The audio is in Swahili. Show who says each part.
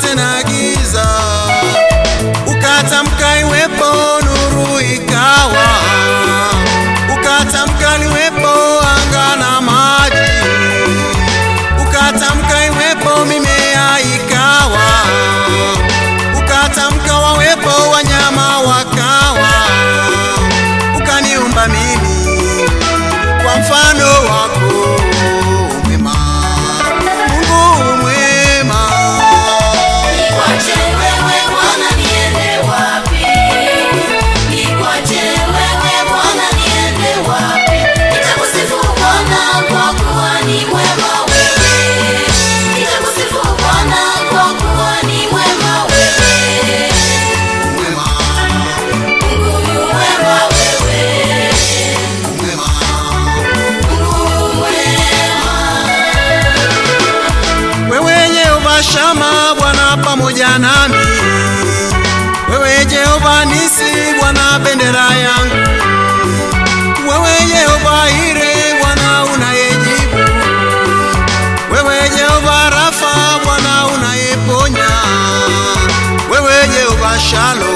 Speaker 1: tonight. pamoja nami. Wewe Jehova nisi Bwana bendera yangu, wewe Jehova ire Bwana unayejibu, wewe Jehova Rafa Bwana unayeponya, wewe Jehova Shalom